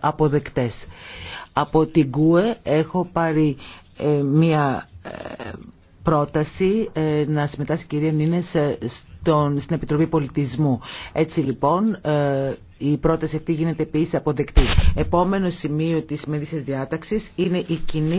αποδεκτές. Από την ΚΟΕ έχω πάρει ε, μία ε, πρόταση ε, να συμμετάσχει η κυρία Νίνες στον, στην Επιτροπή Πολιτισμού. Έτσι λοιπόν η πρόταση αυτή γίνεται επίσης αποδεκτή. Επόμενο σημείο της μερίσιας διάταξης είναι η κοινή